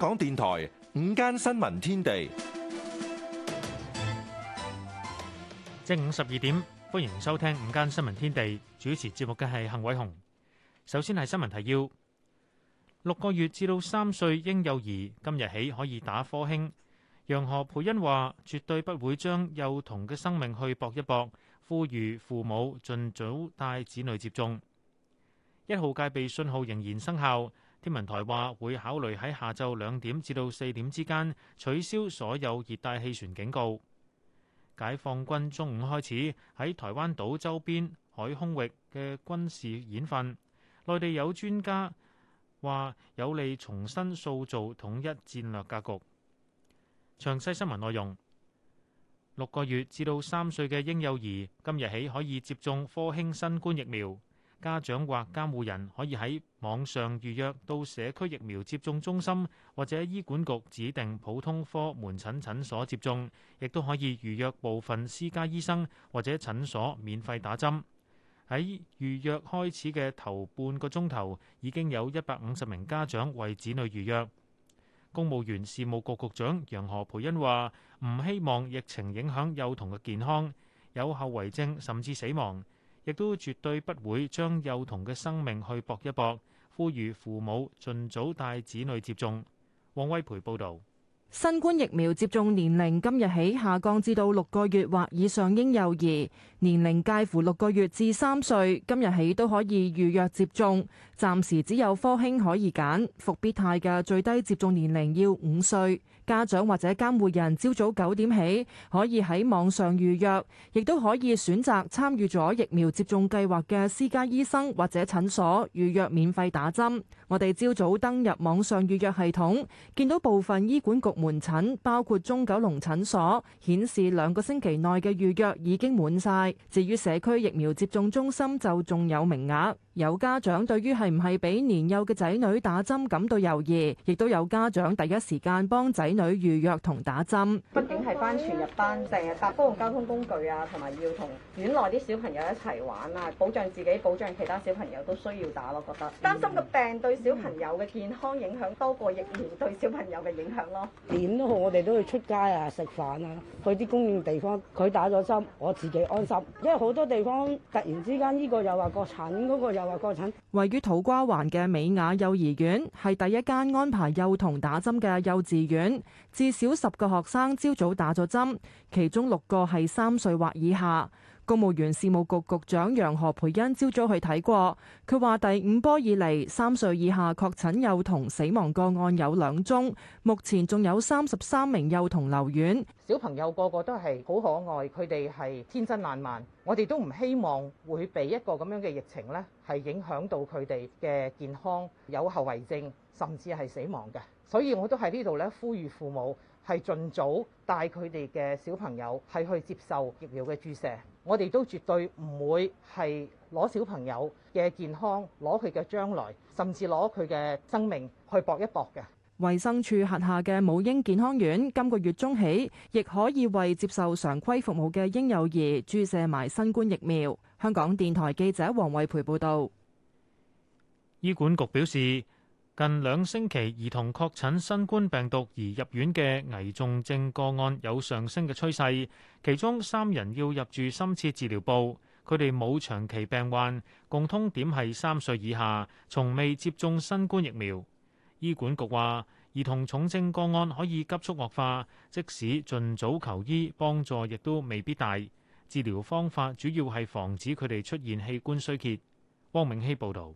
香港電台午間新聞天地，正午十二點，歡迎收聽午間新聞天地。主持節目嘅係幸偉雄。首先係新聞提要：六個月至到三歲嬰幼兒今日起可以打科興。楊何培恩話：絕對不會將幼童嘅生命去搏一搏，呼籲父母盡早帶子女接種。一號戒備信號仍然生效。天文台話會考慮喺下晝兩點至到四點之間取消所有熱帶氣旋警告。解放軍中午開始喺台灣島周邊海空域嘅軍事演訓。內地有專家話有利重新塑造統一戰略格局。詳細新聞內容。六個月至到三歲嘅嬰幼兒今日起可以接種科興新冠疫苗。家長或監護人可以喺網上預約到社區疫苗接種中心，或者醫管局指定普通科門診診所接種，亦都可以預約部分私家醫生或者診所免費打針。喺預約開始嘅頭半個鐘頭，已經有一百五十名家長為子女預約。公務員事務局局長楊何蓓茵話：唔希望疫情影響幼童嘅健康，有後遺症甚至死亡。亦都絕對不會將幼童嘅生命去搏一搏，呼籲父母盡早帶子女接種。王威培報導。新冠疫苗接種年齡今日起下降至到六個月或以上嬰幼兒，年齡介乎六個月至三歲，今日起都可以預約接種。暫時只有科興可以揀，復必泰嘅最低接種年齡要五歲。家長或者監護人朝早九點起可以喺網上預約，亦都可以選擇參與咗疫苗接種計劃嘅私家醫生或者診所預約免費打針。我哋朝早登入網上預約系統，見到部分醫管局門診，包括中九龍診所，顯示兩個星期內嘅預約已經滿晒。至於社區疫苗接種中心，就仲有名額。有家長對於係唔係俾年幼嘅仔女打針感到猶豫，亦都有家長第一時間幫仔女預約同打針。畢竟係翻全日班，成日、嗯嗯、搭公共交通工具啊，同埋要同院內啲小朋友一齊玩啊，保障自己，保障其他小朋友都需要打咯。我覺得擔心個病對小朋友嘅健康影響多過疫苗對小朋友嘅影響咯。點、嗯嗯、都好，我哋都要出街啊，食飯啊，去啲公用地方，佢打咗針，我自己安心。因為好多地方突然之間呢、這個又話國產，嗰個又。位於土瓜灣嘅美雅幼兒園係第一間安排幼童打針嘅幼稚園，至少十個學生朝早打咗針，其中六個係三歲或以下。公務員事務局局長楊何培恩朝早去睇過，佢話第五波以嚟，三歲以下確診幼童死亡個案有兩宗，目前仲有三十三名幼童留院。小朋友個個都係好可愛，佢哋係天真爛漫，我哋都唔希望會被一個咁樣嘅疫情咧，係影響到佢哋嘅健康，有後遺症甚至係死亡嘅。所以我都喺呢度咧呼籲父母。係盡早帶佢哋嘅小朋友係去接受疫苗嘅注射，我哋都絕對唔會係攞小朋友嘅健康、攞佢嘅將來，甚至攞佢嘅生命去搏一搏嘅。衛生署轄下嘅母嬰健康院今個月中起，亦可以為接受常規服務嘅嬰幼兒注射埋新冠疫苗。香港電台記者黃慧培報導。醫管局表示。近兩星期，兒童確診新冠病毒而入院嘅危重症個案有上升嘅趨勢，其中三人要入住深切治療部，佢哋冇長期病患，共通點係三歲以下，從未接種新冠疫苗。醫管局話，兒童重症個案可以急速惡化，即使盡早求醫，幫助亦都未必大。治療方法主要係防止佢哋出現器官衰竭。汪明希報道。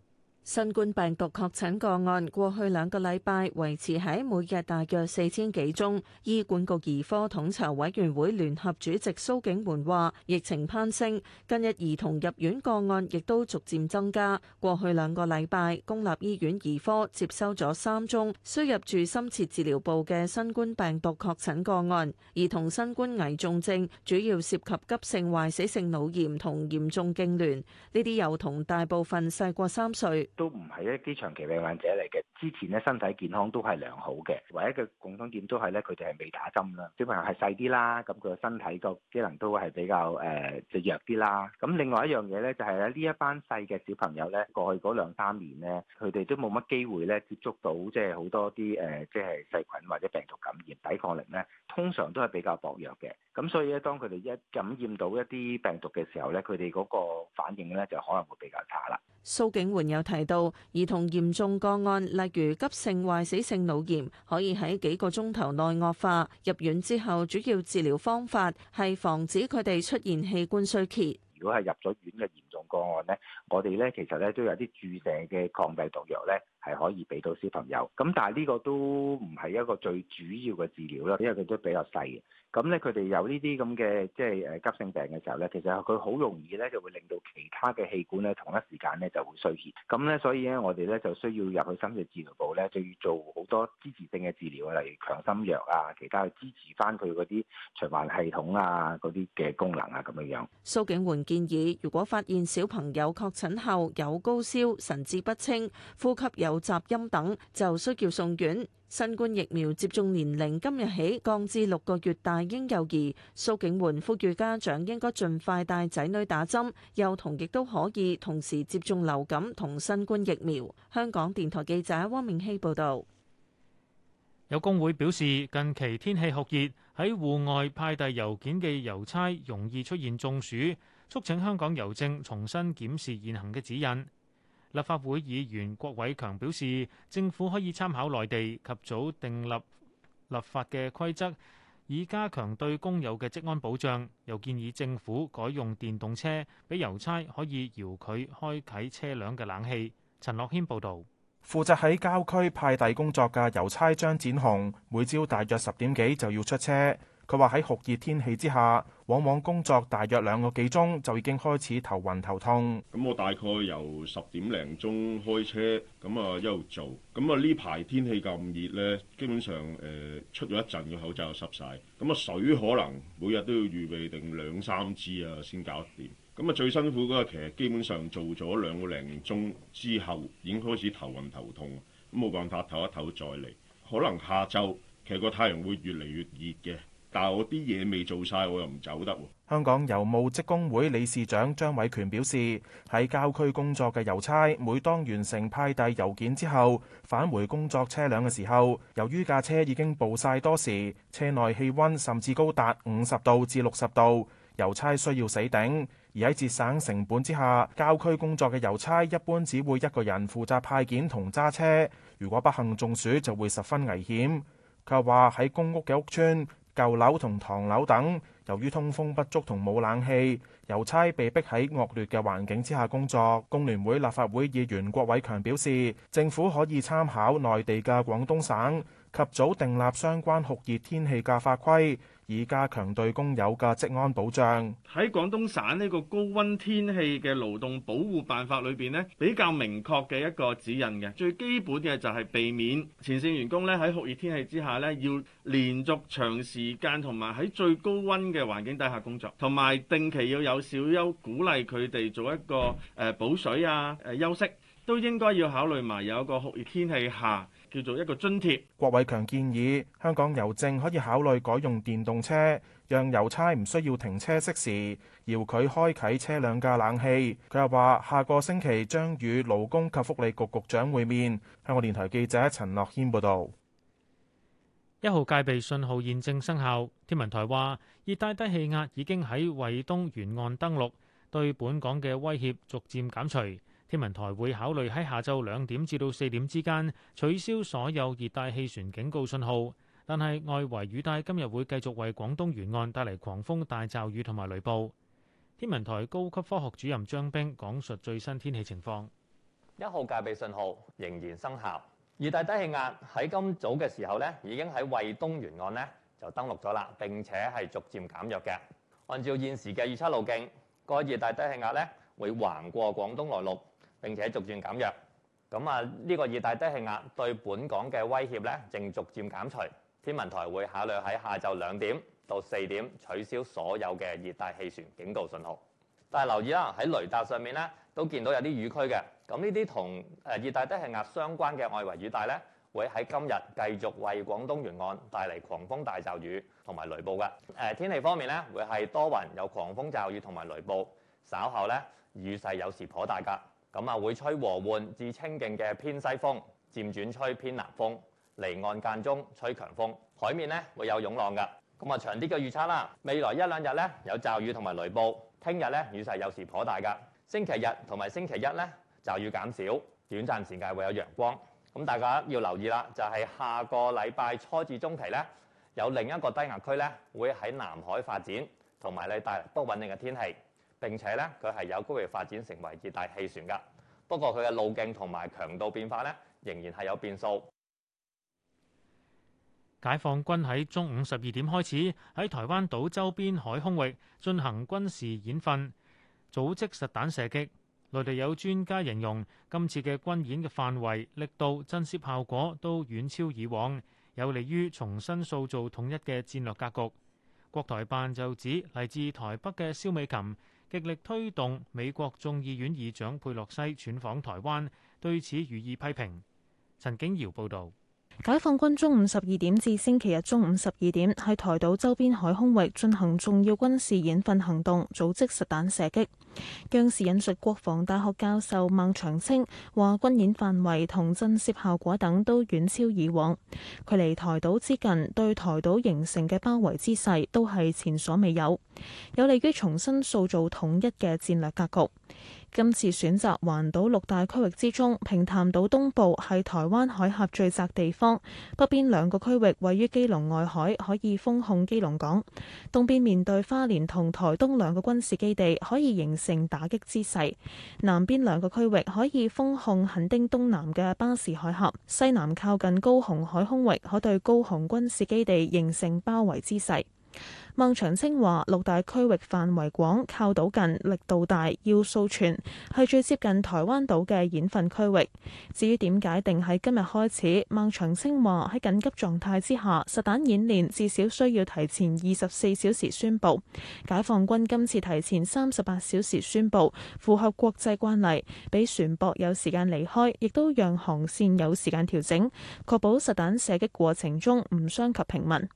新冠病毒確診個案過去兩個禮拜維持喺每日大約四千幾宗。醫管局兒科統籌委員會聯合主席蘇景文話，疫情攀升，近日兒童入院個案亦都逐漸增加。過去兩個禮拜，公立醫院兒科接收咗三宗需入住深切治療部嘅新冠病毒確診個案。兒童新冠危重症主要涉及急性壞死性腦炎同嚴重痙攣，呢啲幼童大部分細過三歲。都唔係一啲長期病患者嚟嘅，之前咧身體健康都係良好嘅。唯一嘅共同點都係咧，佢哋係未打針啦。小朋友係細啲啦，咁佢個身體個機能都係比較誒就弱啲啦。咁另外一樣嘢咧就係、是、咧，呢一班細嘅小朋友咧，過去嗰兩三年咧，佢哋都冇乜機會咧接觸到即係好多啲誒即係細菌或者病毒感染，抵抗力咧通常都係比較薄弱嘅。咁所以咧，當佢哋一感染到一啲病毒嘅時候咧，佢哋嗰個反應咧就可能會比較差啦。蘇景煥有睇。到兒童嚴重個案，例如急性壞死性腦炎，可以喺幾個鐘頭內惡化。入院之後，主要治療方法係防止佢哋出現器官衰竭。如果係入咗院嘅嚴重個案呢，我哋咧其實咧都有啲注射嘅抗病毒藥咧，係可以俾到小朋友。咁但係呢個都唔係一個最主要嘅治療啦，因為佢都比較細嘅。咁咧，佢哋有呢啲咁嘅，即係誒急性病嘅時候咧，其實佢好容易咧就會令到其他嘅器官咧同一時間咧就會衰竭。咁咧，所以咧我哋咧就需要入去深切治療部咧，就要做好多支持性嘅治療啊，例如強心藥啊，其他去支持翻佢嗰啲循環系統啊嗰啲嘅功能啊咁樣樣。蘇景煥建議，如果發現小朋友確診後有高燒、神志不清、呼吸有雜音等，就需要送院。新冠疫苗接種年齡今日起降至六個月大嬰幼兒，蘇景煥呼籲家長應該儘快帶仔女打針，幼童亦都可以同時接種流感同新冠疫苗。香港電台記者汪明希報道。有工會表示，近期天氣酷熱，喺戶外派遞郵件嘅郵差容易出現中暑，促請香港郵政重新檢視現行嘅指引。立法會議員郭偉強表示，政府可以參考內地及早訂立立法嘅規則，以加強對工友嘅職安保障。又建議政府改用電動車，俾郵差可以搖佢開啓車輛嘅冷氣。陳樂軒報導。負責喺郊區派遞工作嘅郵差張展雄，每朝大約十點幾就要出車。佢話喺酷熱天氣之下，往往工作大約兩個幾鐘就已經開始頭暈頭痛。咁我大概由十點零鐘開車，咁啊一路做。咁啊呢排天氣咁熱呢，基本上誒、呃、出咗一陣個口罩又濕晒。咁啊水可能每日都要預備定兩三支啊，先搞掂。咁啊最辛苦嗰日其實基本上做咗兩個零鐘之後已經開始頭暈頭痛，咁冇辦法唞一唞再嚟。可能下晝其實個太陽會越嚟越熱嘅。但我啲嘢未做晒，我又唔走得。香港郵務職工會理事長張偉權表示，喺郊區工作嘅郵差，每當完成派遞郵件之後返回工作車輛嘅時候，由於架車已經暴曬多時，車內氣溫甚至高達五十度至六十度，郵差需要死頂。而喺節省成本之下，郊區工作嘅郵差一般只會一個人負責派件同揸車，如果不幸中暑，就會十分危險。佢話喺公屋嘅屋邨。舊樓同唐樓等，由於通風不足同冇冷氣，郵差被逼喺惡劣嘅環境之下工作。工聯會立法會議員郭偉強表示，政府可以參考內地嘅廣東省，及早訂立相關酷熱天氣嘅法規。以加強對工友嘅職安保障。喺廣東省呢個高溫天氣嘅勞動保護辦法裏邊呢，比較明確嘅一個指引嘅最基本嘅就係避免前線員工咧，喺酷熱天氣之下呢，要連續長時間同埋喺最高溫嘅環境底下工作，同埋定期要有小休，鼓勵佢哋做一個誒、呃、補水啊、誒、呃、休息，都應該要考慮埋有一個酷熱天氣下。叫做一個津貼。郭偉強建議香港郵政可以考慮改用電動車，讓郵差唔需要停車熄匙，搖佢開啓車輛嘅冷氣。佢又話：下個星期將與勞工及福利局局長會面。香港電台記者陳樂軒報導。一號戒備信號驗證生效，天文台話熱帶低氣壓已經喺惠東沿岸登陸，對本港嘅威脅逐漸減除。天文台會考慮喺下晝兩點至到四點之間取消所有熱帶氣旋警告信號，但係外圍雨帶今日會繼續為廣東沿岸帶嚟狂風、大驟雨同埋雷暴。天文台高級科學主任張冰講述最新天氣情況：一號戒備信號仍然生效，熱帶低氣壓喺今早嘅時候呢已經喺惠東沿岸呢就登陸咗啦，並且係逐漸減弱嘅。按照現時嘅預測路徑，個熱帶低氣壓呢會橫過廣東內陸。並且逐漸減弱，咁啊，呢個熱帶低氣壓對本港嘅威脅咧，正逐漸減除。天文台會考慮喺下晝兩點到四點取消所有嘅熱帶氣旋警告信號。但係留意啦，喺雷達上面咧都見到有啲雨區嘅。咁呢啲同誒，熱帶低氣壓相關嘅外圍雨帶咧，會喺今日繼續為廣東沿岸帶嚟狂風大驟雨同埋雷暴噶。誒，天氣方面咧，會係多雲有狂風驟雨同埋雷暴，稍後咧雨勢有時頗大噶。咁啊，會吹和緩至清勁嘅偏西風，漸轉吹偏南風，離岸間中吹強風，海面咧會有湧浪嘅。咁啊，長啲嘅預測啦，未來一兩日咧有驟雨同埋雷暴，聽日咧雨勢有時頗大嘅。星期日同埋星期一咧驟雨減少，短暫時間會有陽光。咁大家要留意啦，就係下個禮拜初至中期咧，有另一個低壓區咧會喺南海發展，同埋帶嚟不穩定嘅天氣。並且呢佢係有機會發展成為熱帶氣旋㗎。不過，佢嘅路徑同埋強度變化呢，仍然係有變數。解放軍喺中午十二點開始喺台灣島周邊海空域進行軍事演訓，組織實彈射擊。內地有專家形容，今次嘅軍演嘅範圍、力度、震懾效果都遠超以往，有利於重新塑造統一嘅戰略格局。國台辦就指，嚟自台北嘅蕭美琴。極力推動美國眾議院議長佩洛西竄訪台灣，對此予以批評。陳景堯報導。解放軍中午十二點至星期日中午十二點，喺台島周邊海空域進行重要軍事演訓行動，組織實彈射擊。央視引述國防大學教授孟長青話：軍演範圍同震懾效果等都遠超以往，距離台島之近，對台島形成嘅包圍之勢都係前所未有，有利於重新塑造統一嘅戰略格局。今次選擇環島六大區域之中，平潭島東部係台灣海峽最窄地方，北邊兩個區域位於基隆外海，可以封控基隆港；東邊面對花蓮同台東兩個軍事基地，可以形成打擊姿勢；南邊兩個區域可以封控墾丁東南嘅巴士海峽，西南靠近高雄海空域，可對高雄軍事基地形成包圍姿勢。孟祥青話：六大區域範圍廣、靠島近、力度大，要素全，係最接近台灣島嘅演訓區域。至於點解定喺今日開始，孟祥青話喺緊急狀態之下，實彈演練至少需要提前二十四小時宣佈。解放軍今次提前三十八小時宣佈，符合國際慣例，俾船舶有時間離開，亦都讓航線有時間調整，確保實彈射擊過程中唔傷及平民。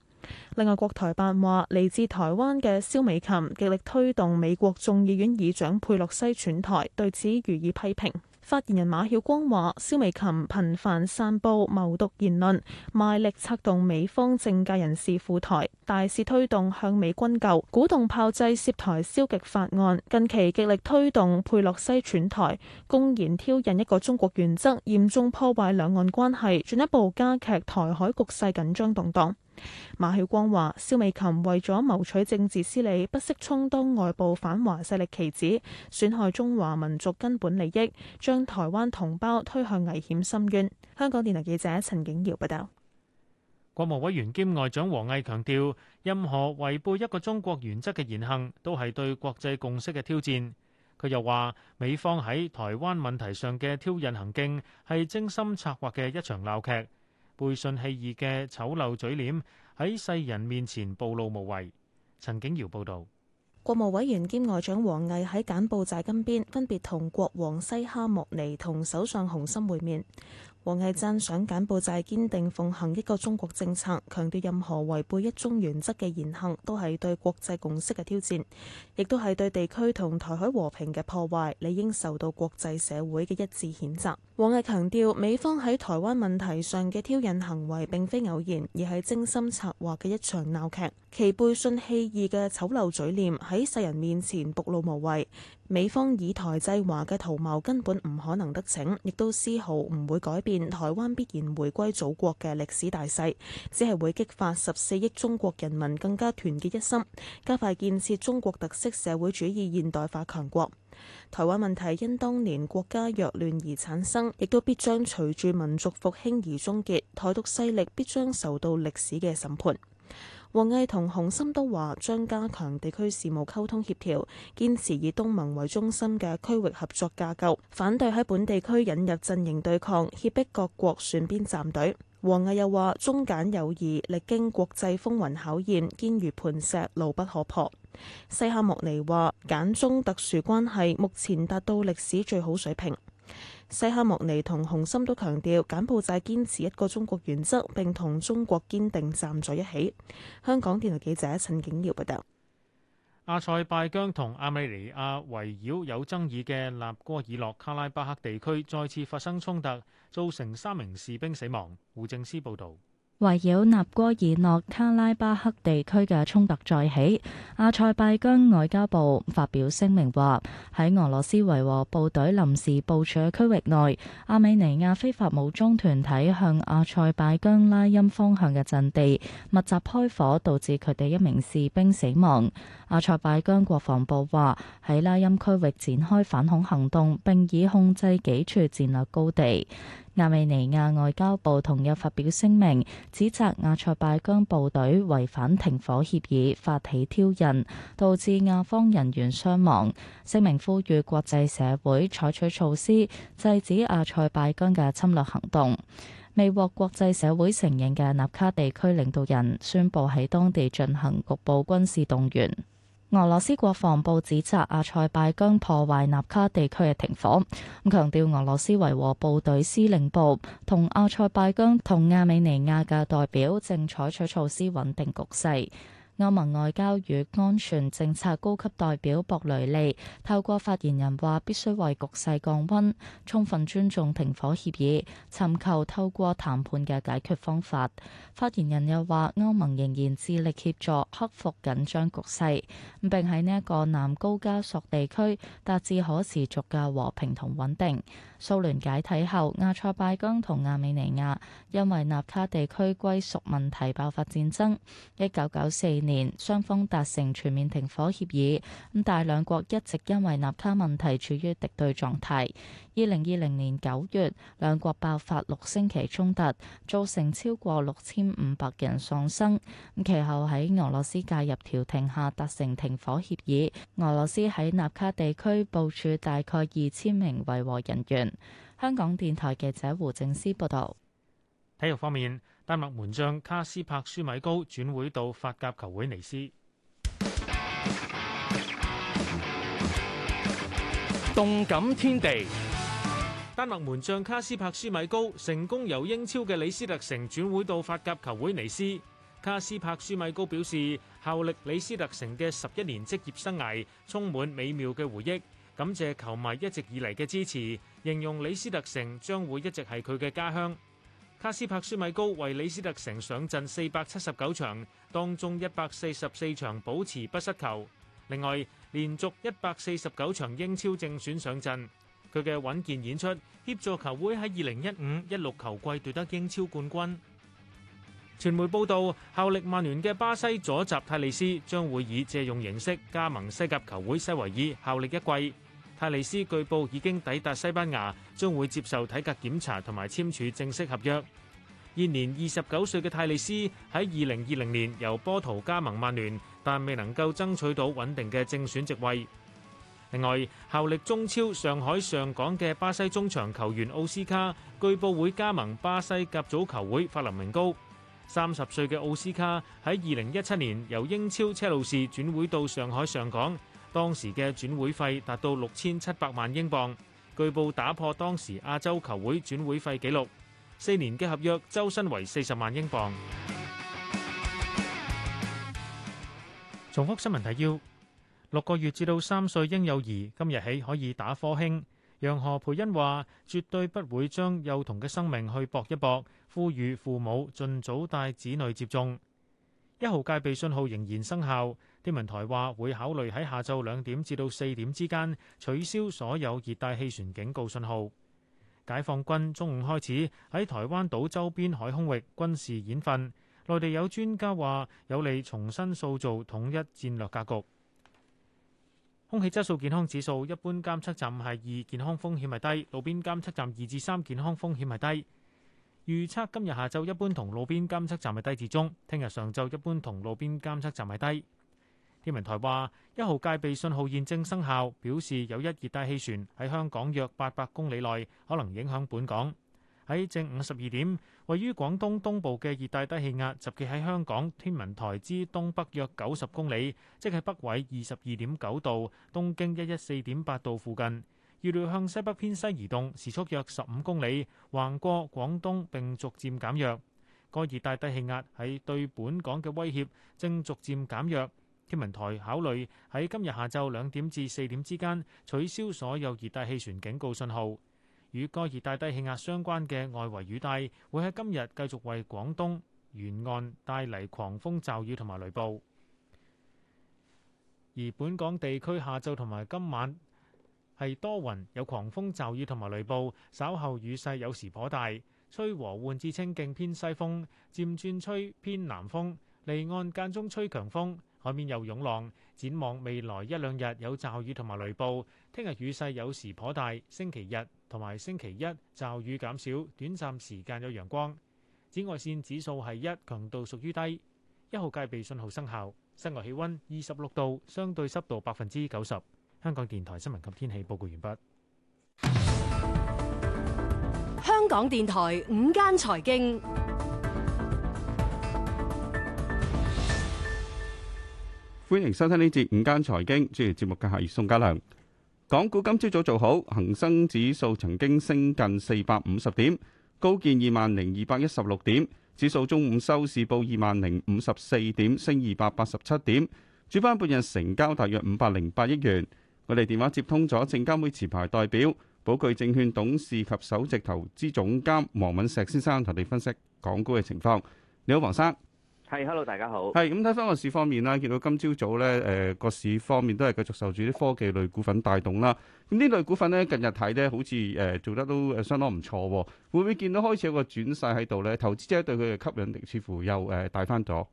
另外，國台辦話，嚟自台灣嘅蕭美琴極力推動美國眾議院議長佩洛西竄台，對此予以批評。發言人馬曉光話：蕭美琴頻繁散佈謀獨言論，賣力策動美方政界人士赴台，大肆推動向美軍購，鼓動炮製涉台消極法案，近期極力推動佩洛西竄台，公然挑釁一個中國原則，嚴重破壞兩岸關係，進一步加劇台海局勢緊張動盪。馬曉光話：蕭美琴為咗謀取政治私利，不惜充當外部反華勢力棋子，損害中華民族根本利益，將台灣同胞推向危險深淵。香港電台記者陳景瑤報道。國務委員兼外長王毅強調，任何違背一個中國原則嘅言行，都係對國際共識嘅挑戰。佢又話，美方喺台灣問題上嘅挑釁行徑，係精心策劃嘅一場鬧劇。背信棄義嘅醜陋嘴臉喺世人面前暴露無遺。陳景瑤報道，國務委員兼外長王毅喺柬埔寨金邊分別同國王西哈莫尼同首相洪森會面。王毅真想柬埔寨，堅定奉行一個中國政策，強調任何違背一中原則嘅言行都係對國際共識嘅挑戰，亦都係對地區同台海和平嘅破壞，理應受到國際社會嘅一致譴責。王毅強調，美方喺台灣問題上嘅挑釁行為並非偶然，而係精心策劃嘅一場鬧劇，其背信棄義嘅醜陋嘴臉喺世人面前暴露無遺。美方以台制華嘅圖謀根本唔可能得逞，亦都絲毫唔會改變台灣必然回歸祖國嘅歷史大勢，只係會激發十四億中國人民更加團結一心，加快建設中國特色社會主義現代化強國。台灣問題因當年國家弱亂而產生，亦都必將隨住民族復興而終結，台獨勢力必將受到歷史嘅審判。王毅同洪森都話將加強地區事務溝通協調，堅持以東盟為中心嘅區域合作架構，反對喺本地區引入陣營對抗，脅迫各國選邊站隊。王毅又話中柬友誼歷經國際風雲考驗，堅如磐石，牢不可破。西哈莫尼話柬中特殊關係目前達到歷史最好水平。西哈莫尼同洪森都強調，柬埔寨堅持一個中國原則，並同中國堅定站在一起。香港電台記者陳景耀報道。阿塞拜疆同亞美尼亞圍繞有爭議嘅納戈爾諾卡拉巴克地區再次發生衝突，造成三名士兵死亡。胡正思報道。圍繞納戈爾諾卡拉巴克地區嘅衝突再起，阿塞拜疆外交部發表聲明話，喺俄羅斯維和部隊臨時部署嘅區域內，阿美尼亞非法武裝團體向阿塞拜疆拉欽方向嘅陣地密集開火，導致佢哋一名士兵死亡。阿塞拜疆國防部話，喺拉欽區域展開反恐行動，並已控制幾處戰略高地。亞美尼亞外交部同日發表聲明，指責亞塞拜疆部隊違反停火協議，發起挑釁，導致亞方人員傷亡。聲明呼籲國際社會採取措施，制止亞塞拜疆嘅侵略行動。未獲國際社會承認嘅納卡地區領導人宣佈喺當地進行局部軍事動員。俄羅斯國防部指責阿塞拜疆破壞納卡地區嘅停火，咁強調俄羅斯維和部隊司令部同阿塞拜疆同亞美尼亞嘅代表正採取措施穩定局勢。歐盟外交與安全政策高級代表博雷利透過發言人話：必須為局勢降溫，充分尊重停火協議，尋求透過談判嘅解決方法。發言人又話：歐盟仍然致力協助克服緊張局勢，咁並喺呢一個南高加索地區達至可持續嘅和平同穩定。蘇聯解體後，亞塞拜疆同亞美尼亞因為納卡地區歸屬問題爆發戰爭。一九九四年，雙方達成全面停火協議，咁但係兩國一直因為納卡問題處於敵對狀態。二零二零年九月，兩國爆發六星期衝突，造成超過六千五百人喪生。咁其後喺俄羅斯介入調停下達成停火協議。俄羅斯喺納卡地區部署大概二千名維和人員。香港電台記者胡正思報道。體育方面，丹麥門將卡斯帕舒米高轉會到法甲球會尼斯。動感天地，丹麥門將卡斯帕舒米高成功由英超嘅李斯特城轉會到法甲球會尼斯。卡斯帕舒米高表示，效力李斯特城嘅十一年職業生涯充滿美妙嘅回憶。感謝球迷一直以嚟嘅支持，形容李斯特城將會一直係佢嘅家鄉。卡斯柏舒米高為李斯特城上陣四百七十九場，當中一百四十四場保持不失球。另外，連續一百四十九場英超正選上陣，佢嘅穩健演出協助球會喺二零一五一六球季奪得英超冠軍。傳媒報道，效力曼聯嘅巴西左閘泰利斯將會以借用形式加盟西甲球會西維爾，效力一季。泰利斯據報已經抵達西班牙，將會接受體格檢查同埋簽署正式合約。現年二十九歲嘅泰利斯喺二零二零年由波圖加盟曼聯，但未能夠爭取到穩定嘅正選席位。另外，效力中超上海上港嘅巴西中場球員奧斯卡據報會加盟巴西甲組球會法林明高。三十歲嘅奧斯卡喺二零一七年由英超車路士轉會到上海上港。當時嘅轉會費達到六千七百萬英鎊，據報打破當時亞洲球會轉會費紀錄。四年嘅合約週薪為四十萬英鎊。重複新聞提要：六個月至到三歲嬰幼兒今日起可以打科興。楊何培恩話：絕對不會將幼童嘅生命去搏一搏，呼籲父母盡早帶子女接種。一號戒備信號仍然生效。天文台話會考慮喺下晝兩點至到四點之間取消所有熱帶氣旋警告信號。解放軍中午開始喺台灣島周邊海空域軍事演訓。內地有專家話有利重新塑造統一戰略格局。空氣質素健康指數一般監測站係二，健康風險係低；路邊監測站二至三，健康風險係低。預測今日下晝一般同路邊監測站係低至中，聽日上晝一般同路邊監測站係低。天文台話，一號戒備信號現正生效，表示有一熱帶氣旋喺香港約八百公里內，可能影響本港。喺正午十二點，位於廣東東部嘅熱帶低氣壓集結喺香港天文台之東北約九十公里，即係北緯二十二點九度、東經一一四點八度附近。預料向西北偏西移動，時速約十五公里，橫過廣東並逐漸減弱。個熱帶低氣壓喺對本港嘅威脅正逐漸減弱。天文台考慮喺今日下晝兩點至四點之間取消所有熱帶氣旋警告信號。與該熱帶低氣壓相關嘅外圍雨帶會喺今日繼續為廣東沿岸帶嚟狂風、驟雨同埋雷暴。而本港地區下晝同埋今晚係多雲，有狂風、驟雨同埋雷暴，稍後雨勢有時頗大，吹和緩至清勁偏西風，漸轉吹偏南風，離岸間中吹強風。海面有湧浪，展望未來一兩日有驟雨同埋雷暴。聽日雨勢有時頗大，星期日同埋星期一驟雨減少，短暫時間有陽光。紫外線指數係一，強度屬於低。一號戒備信號生效。室外氣溫二十六度，相對濕度百分之九十。香港電台新聞及天氣報告完畢。香港電台午間財經。歡迎收聽呢節午間財經，主持節目嘅係宋家良。港股今朝早做好，恒生指數曾經升近四百五十點，高見二萬零二百一十六點。指數中午收市報二萬零五十四點，升二百八十七點。主板半日成交大約五百零八億元。我哋電話接通咗證監會持牌代表、寶具證券董事及首席投資總監黃敏石先生，同我哋分析港股嘅情況。你好，黃生。係、hey，hello，大家好。係咁睇翻個市方面啦，見到今朝早咧，誒、呃，個市方面都係繼續受住啲科技類股份帶動啦。咁呢類股份咧，近日睇咧，好似誒做得都誒相當唔錯，會唔會見到開始有個轉勢喺度咧？投資者對佢嘅吸引力似乎又誒帶翻咗。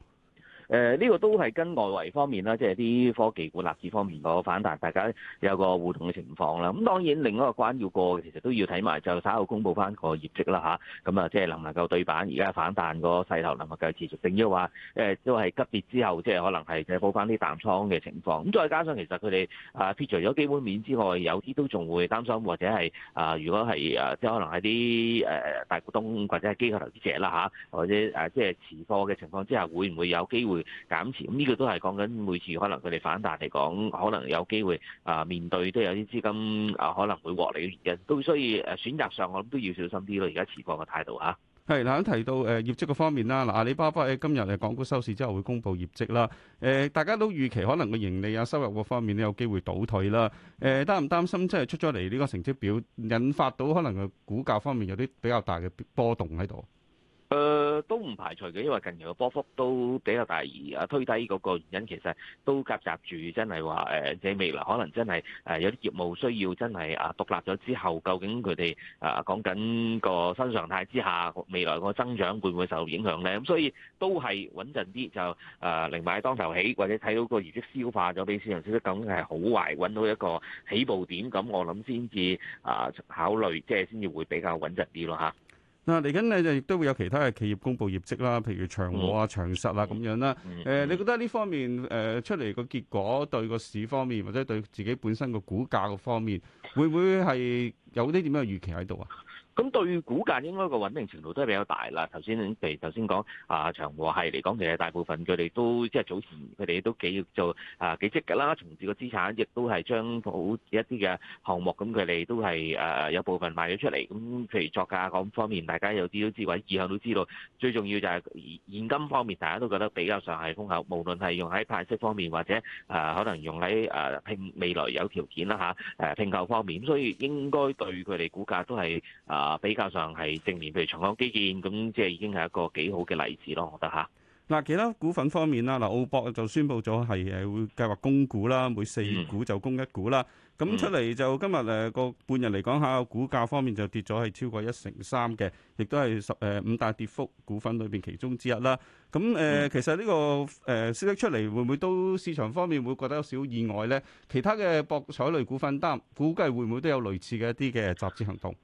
誒呢個都係跟外圍方面啦，即係啲科技股納指方面個反彈，大家有個互動嘅情況啦。咁當然另一個關要過嘅，其實都要睇埋就稍後公佈翻個業績啦，吓，咁啊，嗯、即係能唔能夠對板？而家反彈個勢頭能否繼續持續？定要話誒都係急跌之後，即係可能係嘅報翻啲淡倉嘅情況。咁再加上其實佢哋啊撇除咗基本面之外，有啲都仲會擔心，或者係啊如果係啊即係可能係啲誒大股東或者係機構投資者啦，吓，或者誒、啊、即係持貨嘅情況之下，會唔會有機會？減持，咁呢個都係講緊每次可能佢哋反彈嚟講，可能有機會啊面對都有啲資金啊可能會獲利嘅原因，都所以誒選擇上我諗都要小心啲咯。而家持貨嘅態度啊，係嗱，講提到誒業績嘅方面啦，嗱阿里巴巴喺今日誒港股收市之後會公布業績啦，誒大家都預期可能個盈利啊收入各方面都有機會倒退啦，誒擔唔擔心即係出咗嚟呢個成績表，引發到可能個股價方面有啲比較大嘅波動喺度？唔排除嘅，因為近期嘅波幅都比較大，而推低嗰個原因其實都夾雜住，真係話誒即係未來可能真係誒有啲業務需要，真係啊獨立咗之後，究竟佢哋誒講緊個新常態之下，未來個增長會唔會受影響咧？咁所以都係穩陣啲，就誒另外當頭起，或者睇到個業績消化咗，俾市場識得究竟係好壞，揾到一個起步點，咁我諗先至啊考慮，即係先至會比較穩陣啲咯吓。嗱，嚟緊咧就亦都會有其他嘅企業公布業績啦，譬如長和啊、長實啊咁樣啦。誒、呃，你覺得呢方面誒、呃、出嚟個結果對個市方面或者對自己本身個股價個方面，會唔會係有啲點樣嘅預期喺度啊？咁對於股價應該個穩定程度都係比較大啦。頭先譬如頭先講啊長和系嚟講，其實大部分佢哋都即係早前佢哋都幾做啊幾積極啦。從事個資產亦都係將好一啲嘅項目，咁佢哋都係誒有部分賣咗出嚟。咁譬如作價嗰方面，大家有啲都知，或者以後都知道。最重要就係現金方面，大家都覺得比較上係豐厚，無論係用喺派息方面，或者誒可能用喺誒併未來有條件啦嚇誒併購方面。咁所以應該對佢哋股價都係啊～啊，比較上係正面，譬如長江基建咁，即係已經係一個幾好嘅例子咯。我覺得嚇嗱，其他股份方面啦，嗱，澳博就宣布咗係誒會計劃供股啦，每四股就供一股啦。咁出嚟就今日誒個半日嚟講下，股價方面就跌咗係超過一成三嘅，亦都係十誒五大跌幅股份裏邊其中之一啦。咁誒、呃、其實呢、這個誒消息出嚟，會唔會都市場方面會覺得有少少意外咧？其他嘅博彩類股份擔估計會唔會都有類似嘅一啲嘅集資行動？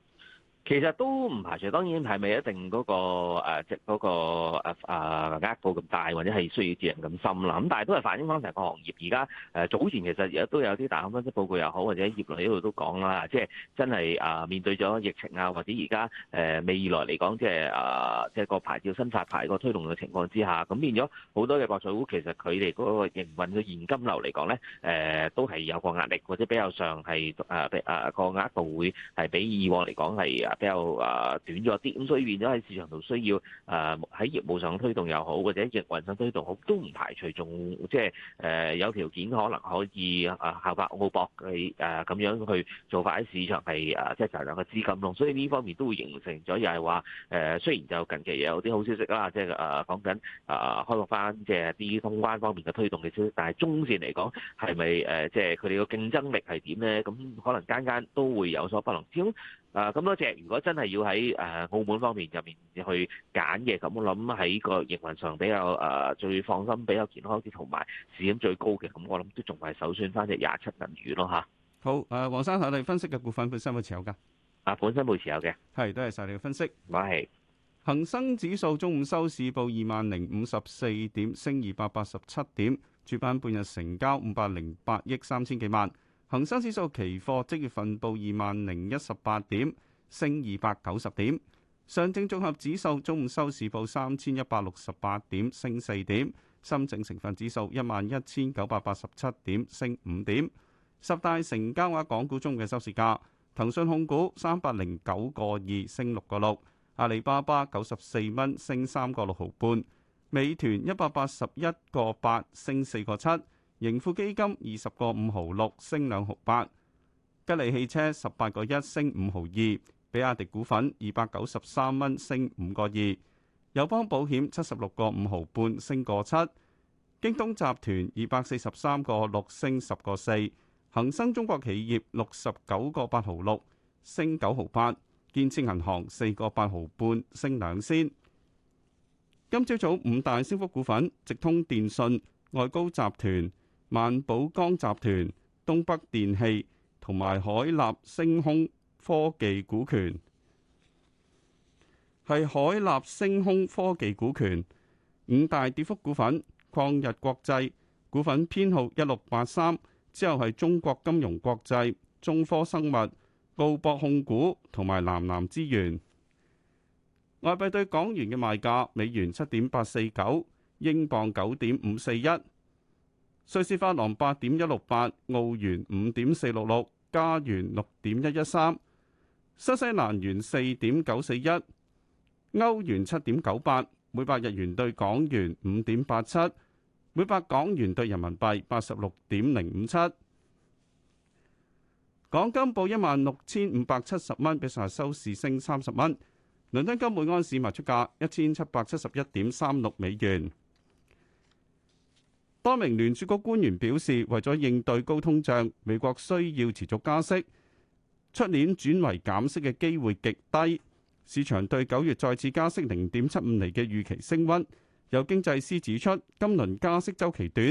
其實都唔排除，當然係咪一定嗰、那個即係嗰個誒、那個啊、額度咁大，或者係需要資金咁深啦。咁但係都係反映翻成個行業而家誒早前其實而家都有啲大行分析報告又好，或者業內呢度都講啦，即係真係誒面對咗疫情啊，或者而家誒未來嚟講，即係誒即係個牌照新發牌個推動嘅情況之下，咁變咗好多嘅博彩股，其實佢哋嗰個營運嘅現金流嚟講咧，誒、啊、都係有個壓力，或者比較上係誒誒個額度會係比以往嚟講係。比較啊短咗啲，咁所以變咗喺市場度需要，誒喺業務上推動又好，或者營運上推動好，都唔排除仲即係誒有條件可能可以啊，效法澳博嘅誒咁樣去做法喺市場係啊，test 下兩個資金咯。所以呢方面都會形成咗，又係話誒，雖然就近期有啲好消息啦，即係誒講緊誒開放翻即係啲通關方面嘅推動嘅消息，但係中線嚟講係咪誒，即係佢哋個競爭力係點咧？咁可能間間都會有所不同。啊，咁多隻，如果真係要喺誒、呃、澳門方面入面去揀嘅，咁我諗喺個營運上比較誒、呃、最放心、比較健康啲，同埋市盈最高嘅，咁我諗都仲係首選翻隻廿七銀娛咯嚇。好，誒、啊，黃生，我哋分析嘅股份本身有冇持有噶？啊，本身冇持有嘅，係，多謝曬你嘅分析。唔係是，恒生指數中午收市報二萬零五十四點，升二百八十七點，主板半日成交五百零八億三千幾萬。恒生指數期貨即月份報二萬零一十八點，升二百九十點。上證綜合指數中午收市報三千一百六十八點，升四點。深證成分指數一萬一千九百八十七點，升五點。十大成交額港股中嘅收市價，騰訊控股三百零九個二，升六個六。阿里巴巴九十四蚊，升三個六毫半。美團一百八十一個八，升四個七。盈富基金二十個五毫六升兩毫八，吉利汽車十八個一升五毫二，比亞迪股份二百九十三蚊升五個二，友邦保險七十六個五毫半升過七，京東集團二百四十三個六升十個四，恒生中國企業六十九個八毫六升九毫八，建設銀行四個八毫半升兩仙。今朝早五大升幅股份，直通電信、外高集團萬寶鋼集團、東北電器同埋海立星空科技股權，係海立星空科技股權五大跌幅股份，曠日國際股份編號一六八三，之後係中國金融國際、中科生物、澳博控股同埋南南資源。外幣對港元嘅賣價，美元七點八四九，英鎊九點五四一。瑞士法郎八點一六八，澳元五點四六六，加元六點一一三，新西蘭元四點九四一，歐元七點九八，每百日元對港元五點八七，每百港元對人民幣八十六點零五七。港金報一萬六千五百七十蚊，比上日收市升三十蚊。倫敦金每盎司賣出價一千七百七十一點三六美元。多名聯儲局官員表示，為咗應對高通脹，美國需要持續加息，出年轉為減息嘅機會極低。市場對九月再次加息零點七五厘嘅預期升溫。有經濟師指出，今輪加息週期短，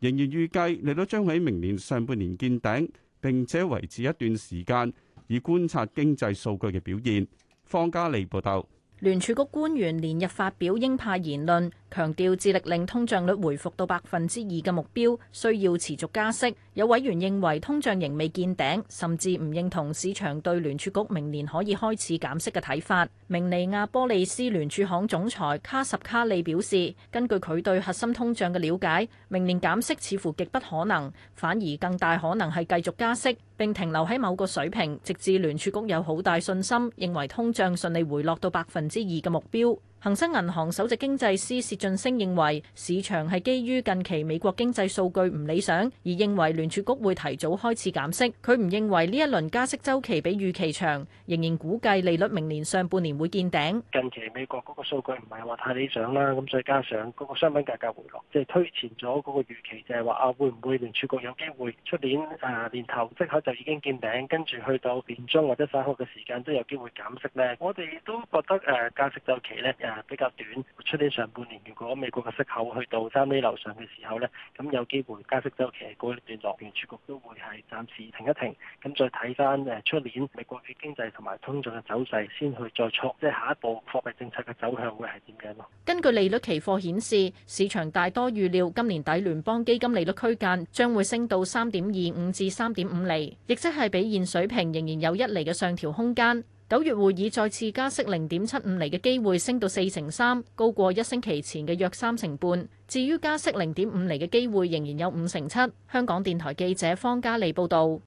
仍然預計利率將喺明年上半年見頂，並且維持一段時間以觀察經濟數據嘅表現。方家利報道。聯儲局官員連日發表鷹派言論，強調致力令通脹率回復到百分之二嘅目標，需要持續加息。有委員認為通脹仍未見頂，甚至唔認同市場對聯儲局明年可以開始減息嘅睇法。明尼亞波利斯聯儲行總裁卡什卡利表示，根據佢對核心通脹嘅了解，明年減息似乎極不可能，反而更大可能係繼續加息，並停留喺某個水平，直至聯儲局有好大信心認為通脹順利回落到百分之二嘅目標。恒生銀行首席經濟師薛俊昇認為，市場係基於近期美國經濟數據唔理想，而認為聯儲局會提早開始減息。佢唔認為呢一輪加息周期比預期長，仍然估計利率明年上半年會見頂。近期美國嗰個數據唔係話太理想啦，咁再加上嗰個商品價格回落，即、就、係、是、推前咗嗰個預期就，就係話啊會唔會聯儲局有機會出年誒、呃、年頭即刻就已經見頂，跟住去到年中或者三月嘅時間都有機會減息呢？我哋都覺得誒、呃、加息周期咧。啊比較短，出年上半年如果美國嘅息口去到三厘樓上嘅時候呢，咁有機會加息周期嗰段落，聯儲局都會係暫時停一停，咁再睇翻誒出年美國嘅經濟同埋通脹嘅走勢，先去再錯，即係下一步貨幣政策嘅走向會係點樣咯？根據利率期貨顯示，市場大多預料今年底聯邦基金利率區間將會升到三點二五至三點五厘，亦即係比現水平仍然有一厘嘅上調空間。九月會議再次加息零點七五厘嘅機會升到四成三，高過一星期前嘅約三成半。至於加息零點五厘嘅機會，仍然有五成七。香港電台記者方嘉利報道。